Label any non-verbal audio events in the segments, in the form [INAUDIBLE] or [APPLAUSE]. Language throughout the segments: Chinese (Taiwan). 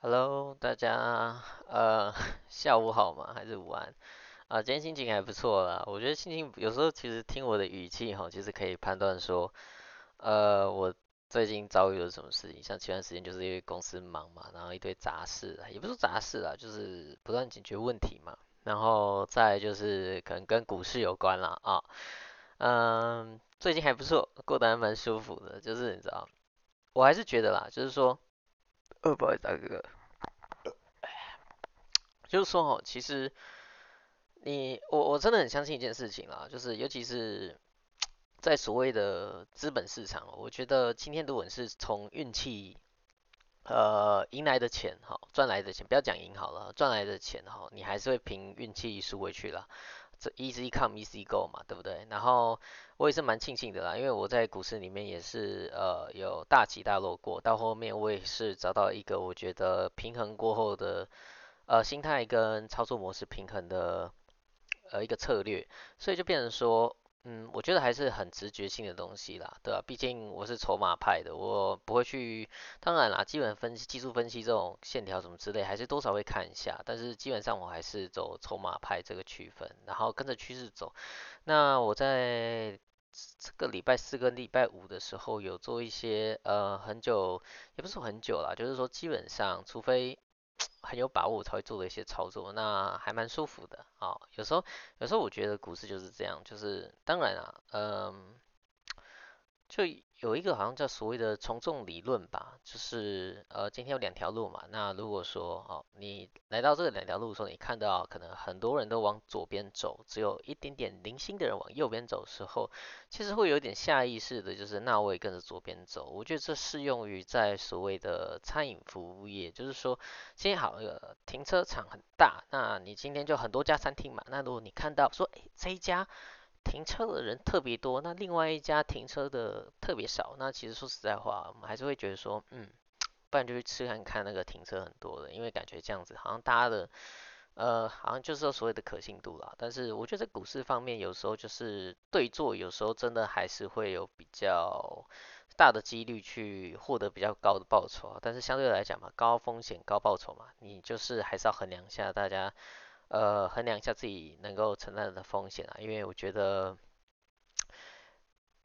Hello，大家，呃，下午好嘛，還是午安？啊、呃，今天心情還不錯啦。我覺得心情有時候其實聽我的語氣哈，其實可以判斷說，呃，我最近遭遇了什麼事情。像前段時間就是因為公司忙嘛，然後一堆雜事，也不是雜事啦，就是不斷解決問題嘛。然後再就是可能跟股市有關了啊。嗯、呃，最近還不錯，過得還蠻舒服的。就是你知道，我還是覺得啦，就是說。不好意思大哥哥，就是說齁，其實你我我真的很相信一件事情啦,就是尤其是在所謂的資本市場，我覺得今天的我是從運氣呃贏來的錢齁，賺來的錢，賺來的錢，不要講贏好了，賺來的錢齁，你還是會憑運氣輸回去了。這 Easy come easy go 嘛，對不對？然後我也是蠻慶幸的啦，因為我在股市裡面也是呃有大起大落過，到後面我也是找到一個我覺得平衡過後的呃心態跟操作模式平衡的呃一個策略，所以就變成說。嗯，我覺得還是很直覺性的東西啦，對吧？畢竟我是籌碼派的，我不會去。當然啦，基本分析、技術分析這種線條什麼之類，還是多少會看一下。但是基本上我還是走籌碼派這個區分，然後跟着趨勢走。那我在這個禮拜四跟禮拜五的時候，有做一些呃，很久也不是很久啦，就是說基本上，除非。很有把握才會做的一些操作，那還蠻舒服的啊。有時候，有時候我覺得股市就是這樣，就是，當然啊，嗯，就。有一個好像叫所謂的從眾理論吧，就是呃今天有兩條路嘛，那如果說哦你來到這個兩條路的時候，你看到可能很多人都往左邊走，只有一點點零星的人往右邊走的時候，其實會有點下意識的就是那我也跟着左邊走，我覺得這適用於在所謂的餐飲服務業，就是說今天好一個停車場很大，那你今天就很多家餐廳嘛，那如果你看到說誒，這一家。停車的人特別多，那另外一家停車的特別少，那其實說實在話，我們還是會覺得說，嗯，不然就去吃看看那個停車很多的，因為感覺這樣子好像大家的，呃，好像就是說所謂的可信度啦。但是我覺得在股市方面，有時候就是對做，有時候真的還是會有比較大的幾率去獲得比較高的報酬啊。但是相對來講嘛，高風險高報酬嘛，你就是還是要衡量一下大家。呃，衡量一下自己能夠承擔的風險啊，因為我覺得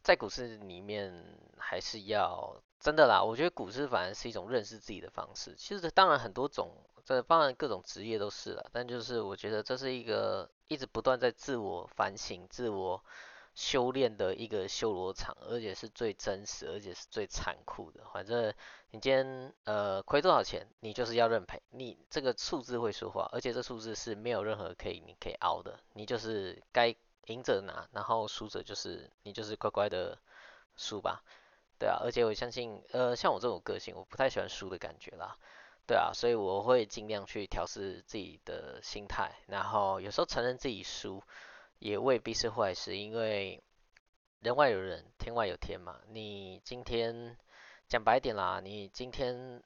在股市裡面還是要真的啦。我覺得股市反而是一種認識自己的方式。其實當然很多種，這當然各種職業都是啦，但就是我覺得這是一個一直不斷在自我反省、自我。修煉的一個修羅場，而且是最真實，而且是最殘酷的。反正你今天呃虧多少錢，你就是要認賠。你這個數字會說話，而且這數字是沒有任何可以你可以凹的。你就是該贏者拿，然後輸者就是你就是乖乖的輸吧。對啊，而且我相信呃像我這種個性，我不太喜歡輸的感覺啦。對啊，所以我會盡量去調適自己的心態，然後有時候承認自己輸。也未必是壞事，因為人外有人，天外有天嘛。你今天講白點啦，你今天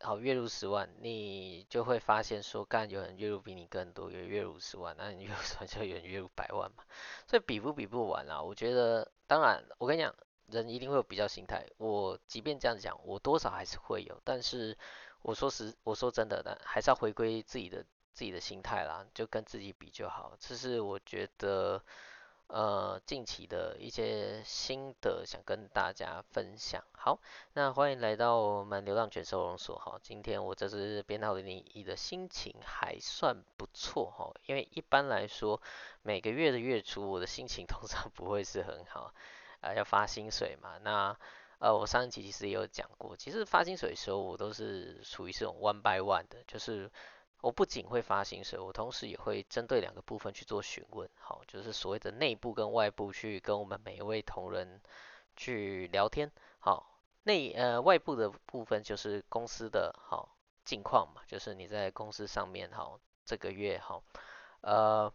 好月入十萬，你就會發現說，幹有人月入比你更多，有月入十萬，那、啊、你月入十萬就有人月入百萬嘛。所以比不比不完啦、啊。我覺得，當然，我跟你講，人一定會有比較心態。我即便這樣講，我多少還是會有。但是我說實，我說真的，那還是要回歸自己的。自己的心態啦，就跟自己比就好。這是我覺得，呃，近期的一些心得，想跟大家分享。好，那歡迎來到我們流浪犬收容所。好，今天我這支編號的你的心情還算不錯哈，因為一般來說每個月的月初，我的心情通常不會是很好，啊、呃，要發薪水嘛。那，呃，我上一期其實也有講過，其實發薪水的時候，我都是屬於這種 one by one 的，就是。我不僅會發薪水，我同時也會針對兩個部分去做詢問，好，就是所謂的內部跟外部去跟我們每一位同仁去聊天，好，內呃外部的部分就是公司的好近況嘛，就是你在公司上面，好，這個月，好，呃。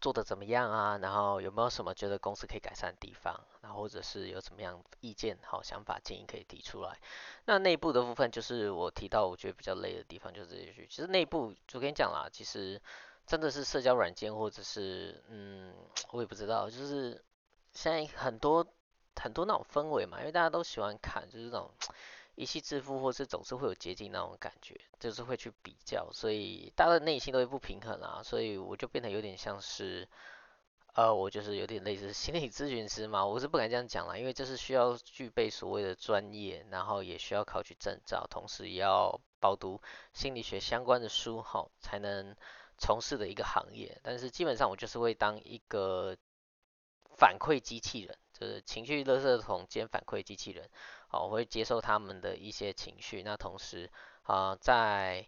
做得怎麼樣啊？然後有沒有什麼覺得公司可以改善的地方？然後或者是有什麼樣意見、好想法、建議可以提出來？那內部的部分就是我提到我覺得比較累的地方，就是這些。其實內部昨天講啦，其實真的是社交軟件或者是嗯，我也不知道，就是現在很多很多那種氛圍嘛，因為大家都喜歡看，就是那種。一氣致富，或是總是會有捷徑那種感覺，就是會去比較，所以大家的內心都會不平衡啊，所以我就變得有點像是，呃，我就是有點類似心理諮詢師嘛，我是不敢這樣講了，因為這是需要具備所謂的專業，然後也需要考取證照，同時也要飽讀心理學相關的書哈，才能從事的一個行業。但是基本上我就是會當一個反饋機器人，就是情緒垃圾桶兼反饋機器人。好，我會接受他們的一些情緒。那同時啊，呃，在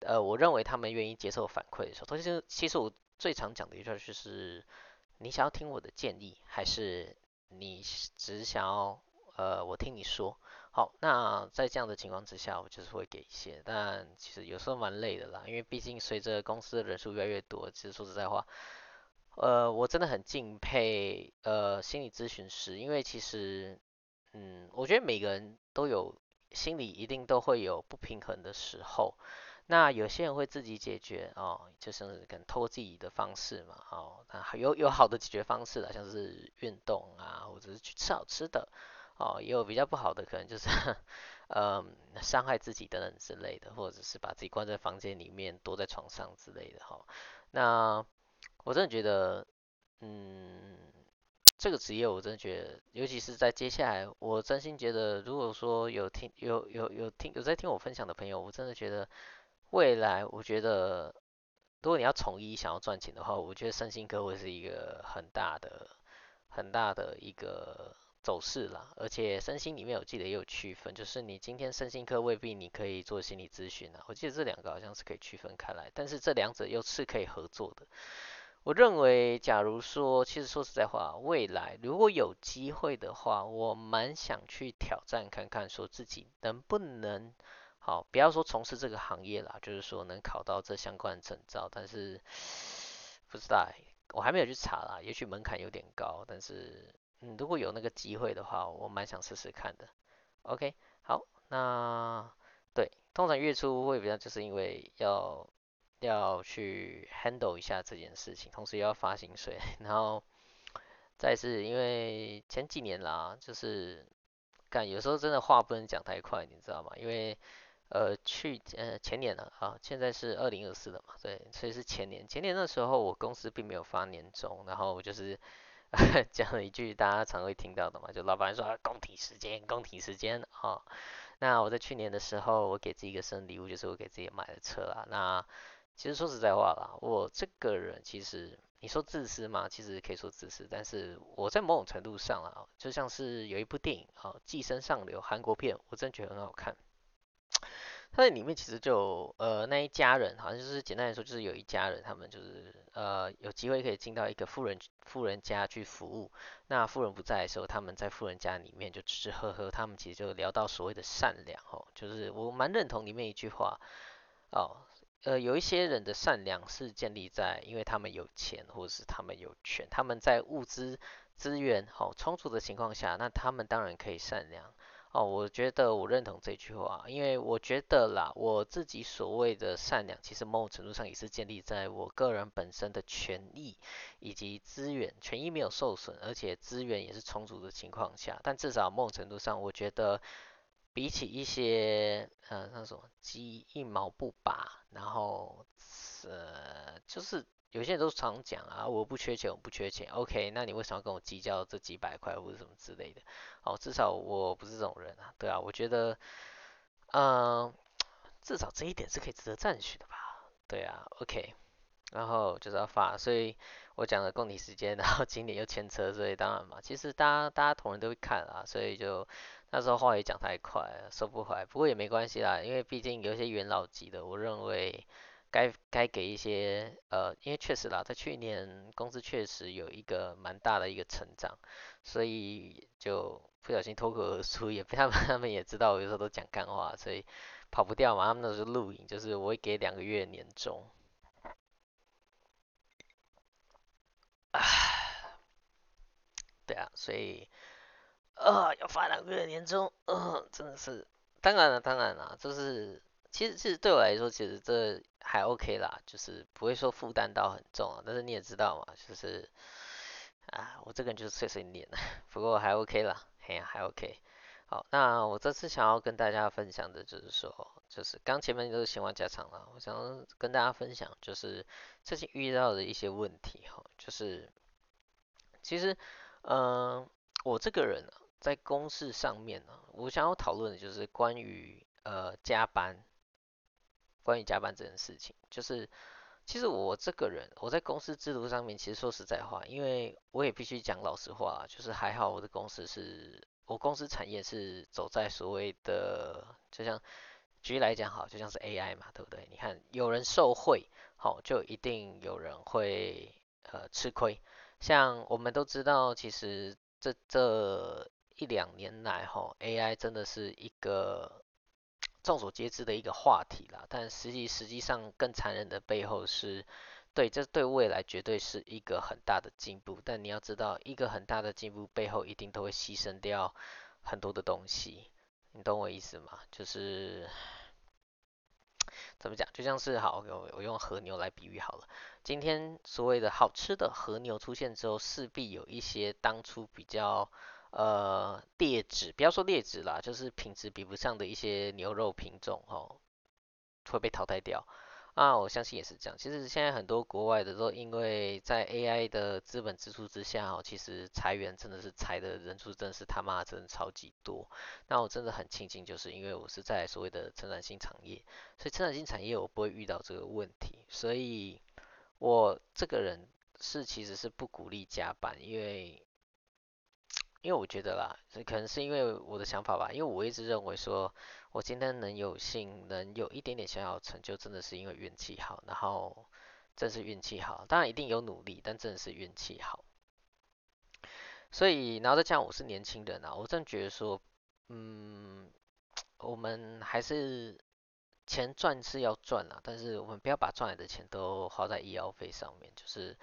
呃，我認為他們願意接受反饋的時候，同時其實我最常講的一句話就是：你想要聽我的建議，還是你只想要呃我聽你說？好，那在這樣的情況之下，我就是會給一些。但其實有時候蠻累的啦，因為畢竟隨着公司的人數越來越多，其實說實在話，呃，我真的很敬佩呃心理諮詢師，因為其實。嗯，我覺得每個人都有心裡一定都會有不平衡的時候，那有些人會自己解決哦，就是可能透過自己的方式嘛哦，那有有好的解決方式啦，像是運動啊，或者是去吃好吃的哦，也有比較不好的，可能就是嗯呃、傷害自己等等之類的，或者是把自己關在房間裡面，躲在床上之類的哈、哦，那我真的覺得嗯。這個職業，我真的覺得，尤其是在接下來，我真心覺得，如果說有聽有有有，有聽有在聽我分享的朋友，我真的覺得，未來我覺得，如果你要從醫想要賺錢的話，我覺得身心科會是一個很大的很大的一個走勢啦。而且身心裡面，我記得也有區分，就是你今天身心科未必你可以做心理諮詢啊。我記得這兩個好像是可以區分開來，但是這兩者又是可以合作的。我認為，假如說，其實說實在話，未來如果有機會的話，我蠻想去挑戰看看，說自己能不能好，不要說從事這個行業啦，就是說能考到這相關的證照，但是不知道、欸，我還沒有去查啦，也許門檻有點高，但是嗯，如果有那個機會的話，我蠻想試試看的。OK，好，那對，通常月初會比較，就是因為要。要去 handle 一下這件事情，同時又要發薪水，然後再是，因為前幾年啦、啊，就是幹有時候真的話不能講太快，你知道嗎？因為呃，去呃前年了啊，現在是二零二四了嘛，對，所以是前年，前年的時候我公司並沒有發年終，然後我就是、呃、講了一句大家常會聽到的嘛，就老闆就說、啊、共體時艱，共體時艱啊。那我在去年的時候，我給自己一個生日禮物，就是我給自己買了車啊，那。其實說實在話啦，我這個人其實你說自私嘛，其實可以說自私。但是我在某種程度上啊，哦，就像是有一部電影啊，哦《寄生上流》韓國片，我真的覺得很好看。他在裡面其實就呃，那一家人好像就是簡單來說，就是有一家人，他們就是呃有機會可以進到一個富人富人家去服務。那富人不在的時候，他們在富人家裡面就吃吃喝喝，他們其實就聊到所謂的善良哦，就是我蠻認同裡面一句話哦。呃，有一些人的善良是建立在，因為他們有錢或者是他們有權，他們在物資資源好充足的情況下，那他們當然可以善良。哦，我覺得我認同這句話，因為我覺得啦，我自己所謂的善良，其實某種程度上也是建立在我個人本身的權益以及資源，權益沒有受損，而且資源也是充足的情況下，但至少某種程度上，我覺得比起一些呃，那什麼，雞一毛不拔。然後，呃，就是有些人都常講啊，我不缺錢，我不缺錢，OK，那你為什麼要跟我計較這幾百塊或者什麼之類的？哦，至少我不是這種人啊，對啊，我覺得，嗯，呃，至少這一點是可以值得讚許的吧，對啊，OK。然後就是要發，所以我講了共體時艱，然後今年又牽扯，所以當然嘛，其實大家大家同仁都會看啦，所以就那時候話也講太快了，收不回來，不過也沒關係啦，因為畢竟有一些元老級的，我認為該該，該給一些呃，因為確實啦，在去年公司確實有一個蠻大的一個成長，所以就不小心脫口而出，也被他們他們也知道，我有時候都講幹話，所以跑不掉嘛，他們那時候錄影就是我會給兩個月年終。啊，對啊，所以啊、呃，要發兩個月年終，嗯、呃，真的是，當然了，當然了，就是其實其實對我來說，其實這還 OK 啦，就是不會說負擔到很重啊。但是你也知道嘛，就是啊，我這個人就是碎碎念，不過還 OK 啦，嘿、啊，呀，還 OK。好，那我這次想要跟大家分享的就是說，就是剛前面都是閒話家常了，我想要跟大家分享就是最近遇到的一些問題哈，就是其實，嗯、呃，我這個人呢、啊，在公司上面呢、啊，我想要討論的就是關於呃加班，關於加班這件事情，就是其實我這個人，我在公司制度上面，其實說實在話，因為我也必須講老實話，就是還好我的公司是。我公司產業是走在所謂的，就像舉例來講好，就像是 AI 嘛，對不對？你看有人受惠，好，就一定有人會呃吃虧。像我們都知道，其實這這一兩年來，哈 AI 真的是一個眾所皆知的一個話題啦。但實際實際上更殘忍的背後是。對，這對未來絕對是一個很大的進步，但你要知道，一個很大的進步背後一定都會犧牲掉很多的東西，你懂我意思嗎？就是怎麼講，就像是好，我我用和牛來比喻好了。今天所謂的好吃的和牛出現之後，勢必有一些當初比較呃劣質，不要說劣質啦，就是品質比不上的一些牛肉品種哦，會被淘汰掉。啊，我相信也是這樣。其實現在很多國外的都因為在 AI 的資本支出之下，其實裁員真的是裁的人數，真的是他媽真的超級多。那我真的很慶幸，就是因為我是在所謂的成長性產業，所以成長性產業我不會遇到這個問題。所以我這個人是其實是不鼓勵加班，因為因為我覺得啦，可能是因為我的想法吧，因為我一直認為說。我今天能有幸能有一點點小小成就，真的是因為運氣好，然後真的是運氣好。當然一定有努力，但真的是運氣好。所以，然後再講，我是年輕人啊，我正覺得說，嗯，我們還是錢賺是要賺啊，但是我們不要把賺來的錢都花在醫藥費上面，就是。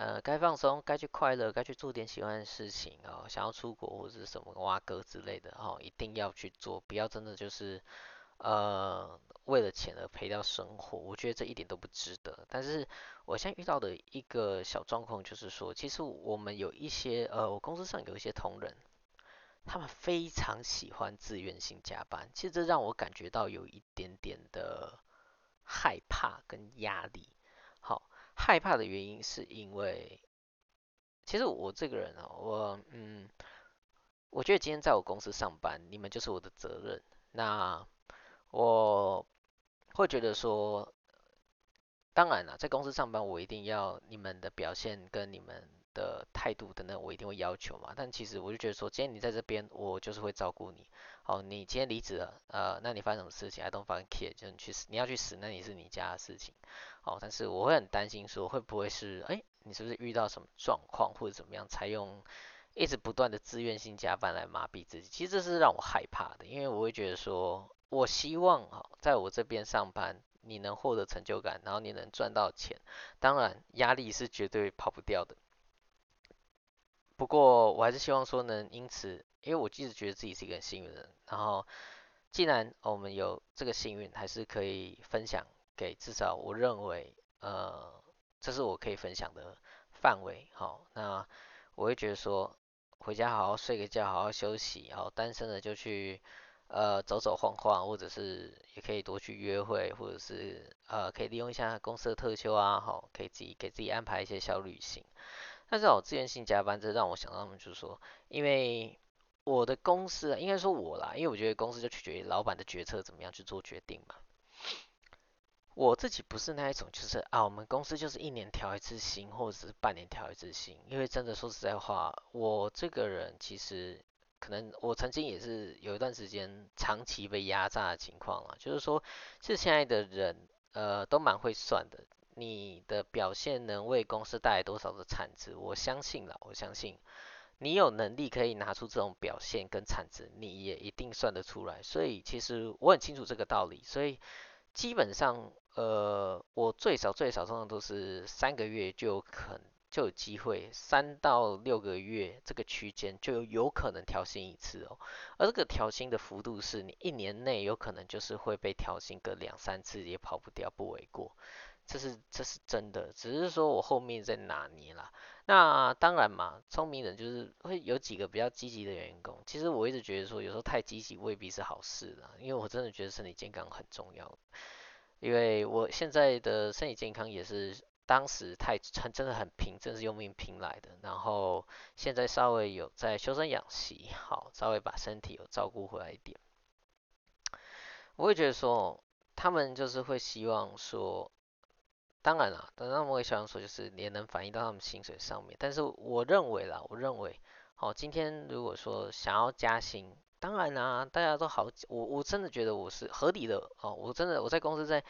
呃，該放鬆，該去快樂，該去做點喜歡的事情哦，想要出國或者什麼挖哥之類的哈、哦，一定要去做，不要真的就是呃為了錢而賠掉生活。我覺得這一點都不值得。但是我現在遇到的一個小狀況就是說，其實我們有一些呃，我公司上有一些同仁，他們非常喜歡自願性加班。其實這讓我感覺到有一點點的害怕跟壓力。害怕的原因是因為，其實我這個人啊、哦，我嗯，我覺得今天在我公司上班，你們就是我的責任。那我會覺得說，當然了，在公司上班，我一定要你們的表現跟你們的態度等等，我一定會要求嘛。但其實我就覺得說，今天你在這邊，我就是會照顧你。好，你今天離職了，呃，那你發生什麼事情？I don't care。就你去死，你要去死，那也是你家的事情。好，但是我會很擔心說，會不會是，誒、欸，你是不是遇到什麼狀況或者怎麼樣，才用一直不斷的自願性加班來麻痹自己？其實這是讓我害怕的，因為我會覺得說，我希望哈，在我這邊上班，你能獲得成就感，然後你能賺到錢。當然，壓力是絕對跑不掉的。不過我還是希望說能因此，因為我其實覺得自己是一個很幸運的人，然後既然我們有這個幸運，還是可以分享給，至少我認為，呃，這是我可以分享的範圍。好，那我會覺得說回家好好睡個覺，好好休息，然後單身的就去呃走走晃晃，或者是也可以多去約會，或者是呃可以利用一下公司的特休啊，好，可以自己給自己安排一些小旅行。但是我自願性加班，這讓我想到他們，就是說，因為我的公司啊，應該說我啦，因為我覺得公司就取決於老闆的決策怎麼樣去做決定嘛。我自己不是那一種，就是啊，我們公司就是一年調一次薪，或者是半年調一次薪。因為真的說實在話，我這個人其實可能我曾經也是有一段時間長期被壓榨的情況啦，就是說，其實現在的人呃都蠻會算的。你的表現能為公司帶來多少的產值？我相信了，我相信你有能力可以拿出這種表現跟產值，你也一定算得出來。所以其實我很清楚這個道理，所以基本上，呃，我最少最少上都是三個月就有可能就有機會，三到六個月這個區間就有可能調薪一次哦。而這個調薪的幅度是你一年內有可能就是會被調薪個兩三次也跑不掉，不為過。這是這是真的，只是說我後面在拿捏啦。那當然嘛，聰明人就是會有幾個比較積極的員工。其實我一直覺得說，有時候太積極未必是好事啦，因為我真的覺得身體健康很重要。因為我現在的身體健康也是當時太真的很拼，真的是用命拼來的。然後現在稍微有在修身養息，好，稍微把身體有照顧回來一點。我也覺得說，他們就是會希望說。當然了、啊，當然我也想說，就是你也能反映到他們薪水上面。但是我認為啦，我認為，哦，今天如果說想要加薪，當然啦、啊，大家都好，我我真的覺得我是合理的哦。我真的我在公司在，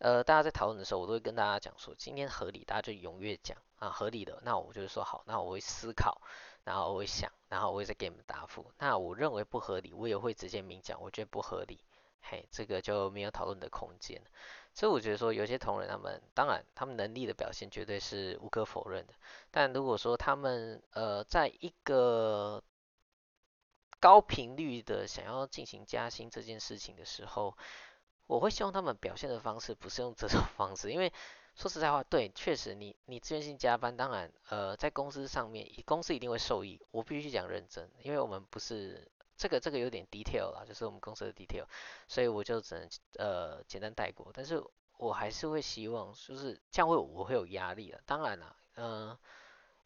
呃，大家在討論的時候，我都會跟大家講說，今天合理，大家就踴躍講啊，合理的，那我就說好，那我會思考，然後我會想，然後我會再給你們答覆。那我認為不合理，我也會直接明講，我覺得不合理。嘿，這個就沒有討論的空間。所以我覺得說，有些同仁他們，當然他們能力的表現絕對是無可否認的。但如果說他們呃，在一個高頻率的想要進行加薪這件事情的時候，我會希望他們表現的方式不是用這種方式。因為說實在話，對，確實你你自願性加班，當然呃，在公司上面，公司一定會受益。我必須講認真，因為我們不是。這個這個有點 detail 啦，就是我們公司的 detail，所以我就只能呃簡單帶過。但是我還是會希望，就是這樣會，我會有壓力的。當然了，嗯、呃，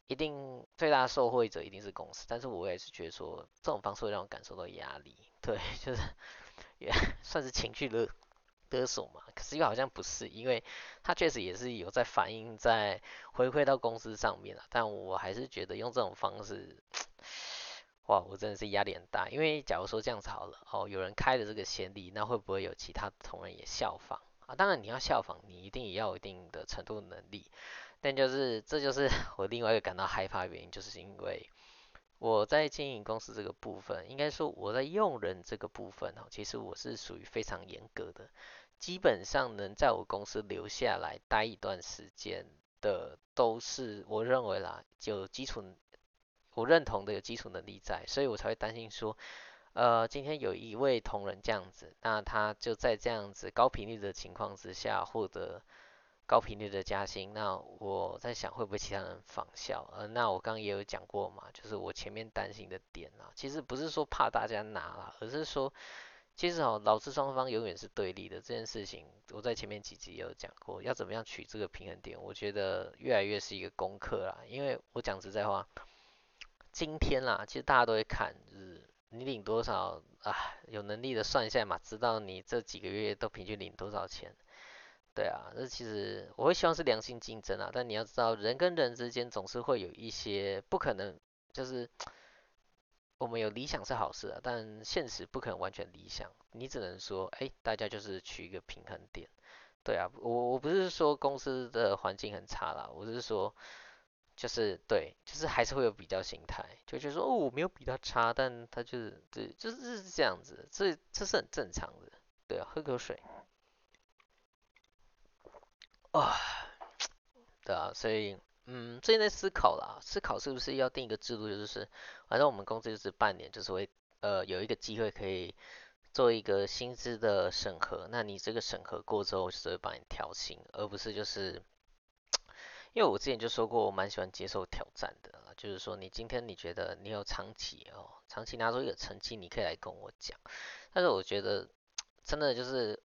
一定最大的受惠者一定是公司，但是我也是覺得說，這種方式會讓我感受到壓力，對，就是也算是情緒勒索嘛。可是又好像不是，因為他確實也是有在反映在回饋到公司上面了。但我還是覺得用這種方式。哇，我真的是壓力很大，因為假如說這樣子好了哦，有人開了這個先例，那會不會有其他同仁也效仿啊？當然你要效仿，你一定也要有一定的程度的能力。但就是，這就是我另外一個感到害怕的原因，就是因為我在經營公司這個部分，應該說我在用人這個部分哦，其實我是屬於非常嚴格的，基本上能在我公司留下來待一段時間的，都是我認為啦，就基礎。我認同的有基礎能力在，所以我才會擔心說，呃，今天有一位同仁這樣子，那他就在這樣子高頻率的情況之下獲得高頻率的加薪，那我在想會不會其他人仿效？呃，那我剛剛也有講過嘛，就是我前面擔心的點啊，其實不是說怕大家拿了，而是說，其實好、喔、勞資雙方永遠是對立的這件事情，我在前面幾集也有講過，要怎麼樣取這個平衡點，我覺得越來越是一個功課啦，因為我講實在話。今天啦，其實大家都會看，就是你領多少啊，有能力的算一下嘛，知道你這幾個月都平均領多少錢，對啊，那其實我會希望是良性競爭啊，但你要知道人跟人之間總是會有一些不可能，就是我們有理想是好事啊，但現實不可能完全理想，你只能說，欸，大家就是取一個平衡點，對啊，我我不是說公司的環境很差啦，我是說。就是對，就是還是會有比較心態，就覺得說，哦，我沒有比他差，但他就對，就是對，就是這樣子，這這是很正常的。對啊，喝口水。啊、哦，對啊，所以嗯最近在思考啦，思考是不是要定一個制度，就是反正我們公司就是半年就是會呃有一個機會可以做一個薪資的審核，那你這個審核過之後，就是會幫你調薪，而不是就是。因為我之前就說過，我蠻喜歡接受挑戰的啦。就是說，你今天你覺得你有長期哦、喔，長期拿出一個成績，你可以來跟我講。但是我覺得，真的就是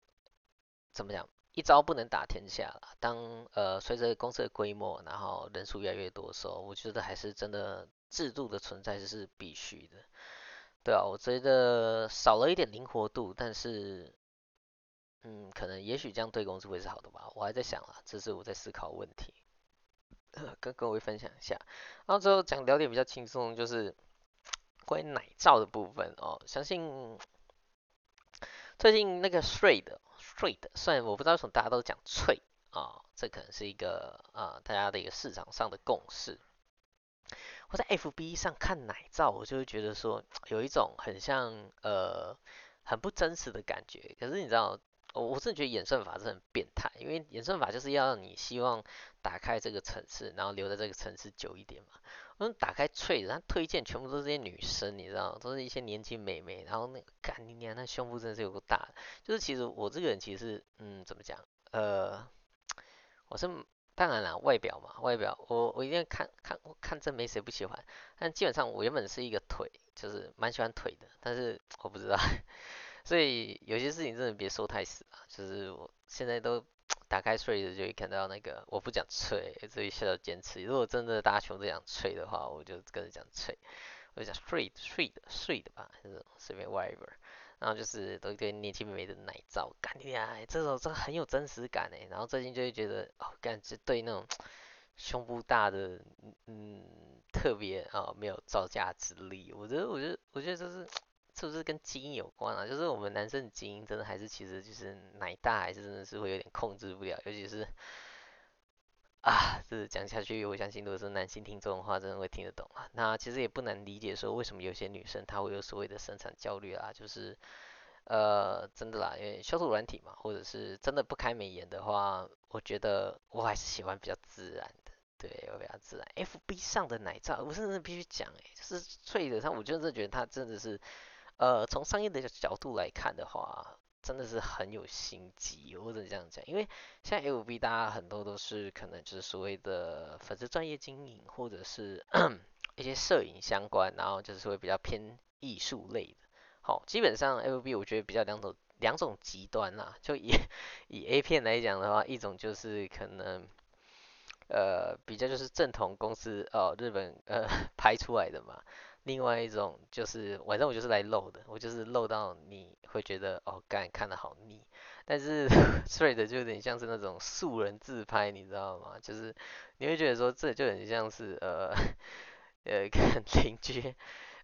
怎麼講，一招不能打天下。當呃隨着公司的規模，然後人數越來越多的時候，我覺得還是真的制度的存在是必須的。對啊，我覺得少了一點靈活度，但是嗯，可能也許這樣對公司會是好的吧。我還在想啊，這是我在思考問題。呃、跟各位分享一下，然後最後講聊點比較輕鬆，就是關於奶罩的部分哦。相信最近那個“翠”的“翠”的，雖然我不知道為什麼大家都講“脆”，啊，這可能是一個啊、呃、大家的一個市場上的共識。我在 FB 上看奶罩，我就會覺得說，有一種很像呃很不真實的感覺。可是你知道？我、哦、我真的覺得演算法是很變態，因為演算法就是要讓你希望打開這個程式，然後留在這個程式久一點嘛。我、嗯、打開脆，然後推薦全部都是這些女生，你知道，都是一些年輕美眉。然後那個，幹你娘，那胸部真的是有夠大的。就是其實我這個人其實，嗯，怎麼講？呃，我是當然了，外表嘛，外表，我我一定要看看，我看真沒誰不喜歡。但基本上我原本是一個腿，就是蠻喜歡腿的，但是我不知道。 [LAUGHS] 所以有些事情真的別說太死啊，就是我現在都打開睡的就會看到那個，我不講吹，所以需要堅持。如果真的大家全都講吹的話，我就跟着講吹，我就講睡的睡的睡的吧，就是隨便 whatever。然後就是都跟年輕妹妹的奶罩感，哎，呀，這種真的很有真實感哎。然後最近就會覺得哦，感覺對那種胸部大的嗯特別啊、哦、沒有招架之力，我覺得我覺得我覺得這是。是不是跟基因有關啊？就是我們男生基因真的還是其實就是奶大還是真的是會有點控制不了，尤其是啊，就是講下去，我相信如果是男性聽眾的話，真的會聽得懂啊。那其實也不難理解說為什麼有些女生她會有所謂的生產焦慮啊，就是呃真的啦，因為銷售軟體嘛，或者是真的不開美顏的話，我覺得我還是喜歡比較自然的，對，我比較自然。FB 上的奶罩，我真的必須講誒，就是脆的，他我就真的覺得它真的是。呃，從商業的角度來看的話，真的是很有心機，或者這樣講，因為像 L B 大家很多都是可能就是所謂的粉絲專業經營，或者是一些攝影相關，然後就是會比較偏藝術類的。好、哦，基本上 L B 我覺得比較兩種兩種極端啦，就以以 A 片來講的話，一種就是可能呃比較就是正統公司哦、呃、日本呃拍出來的嘛。另外一種就是，晚上我就是來露的，我就是露到你會覺得哦，幹，看得好膩，但是睡的就有點像是那種素人自拍，你知道嗎？就是你會覺得說這就很像是呃呃看鄰居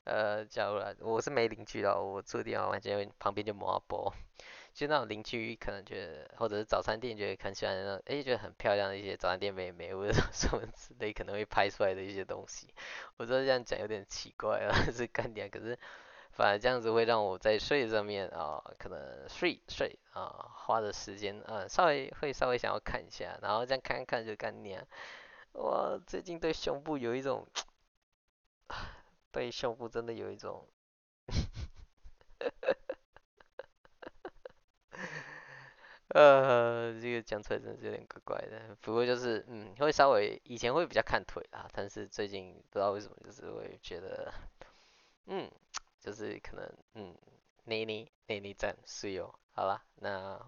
呃，假如來我是沒鄰居的，我住的地方完全旁邊就麻波。就那種鄰居可能覺得，或者是早餐店覺得看起來，哎、欸，覺得很漂亮的一些早餐店美眉或者什麼之類，可能會拍出來的一些東西。我說這樣講有點奇怪啊，是干點，可是反而這樣子會讓我在睡上面啊、呃，可能睡睡啊、呃，花的時間啊、呃，稍微會稍微想要看一下，然後這樣看看就干點。哇，最近對胸部有一種，對胸部真的有一種。呃，這個講出來真是有點怪怪的。不過就是，嗯，會稍微以前會比較看腿啦，但是最近不知道為什麼，就是會覺得，嗯，就是可能，嗯，內內內內戰是有。好了，那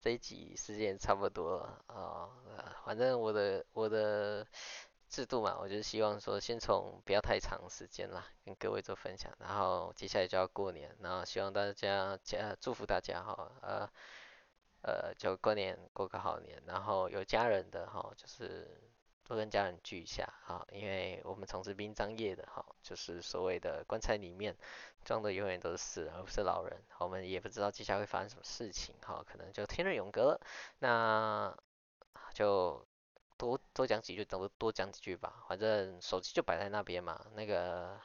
這一集時間差不多了啊、呃。反正我的我的制度嘛，我就希望說，先從不要太長時間啦，跟各位做分享。然後接下來就要過年，然後希望大家加、呃、祝福大家哈，呃呃，就過年過個好年，然後有家人的哈，就是多跟家人聚一下哈，因為我們從事殯葬業的哈，就是所謂的棺材裡面裝的永遠都是死人，而不是老人，我們也不知道接下來會發生什麼事情哈，可能就天人永隔了，那就多多講幾句，多多講幾句吧，反正手機就擺在那邊嘛，那個。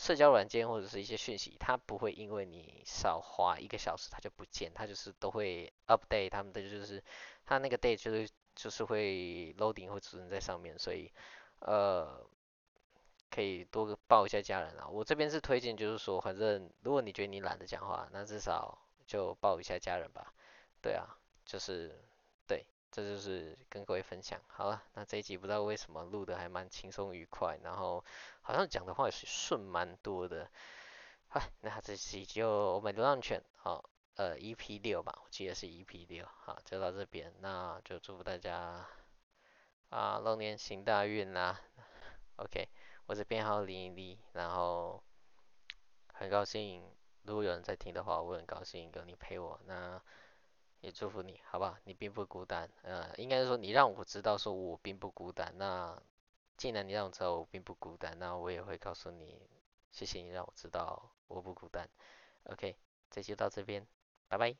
社交軟件或者是一些訊息，它不會因為你少花一個小時它就不見，它就是都會 update，它們的就是它那個 date 就是就是會 loading 會儲存在上面，所以呃可以多個抱一下家人啊。我這邊是推薦，就是說反正如果你覺得你懶得講話，那至少就抱一下家人吧。對啊，就是。這就是跟各位分享好了，那這一集不知道為什麼錄的還蠻輕鬆愉快，然後好像講的話也是順蠻多的。好，那這集就我們流浪犬好，呃，EP 六吧，我記得是 EP 六，好，就到這邊，那就祝福大家啊，龍、啊、年行大運吶、啊。OK，我是編號零零一，然後很高興，如果有人在聽的話，我很高興有你陪我，那。也祝福你，好吧？你並不孤單，呃，應該是說你讓我知道說我並不孤單。那既然你讓我知道我並不孤單，那我也會告訴你，謝謝你讓我知道我不孤單。OK，這期就到這邊，拜拜。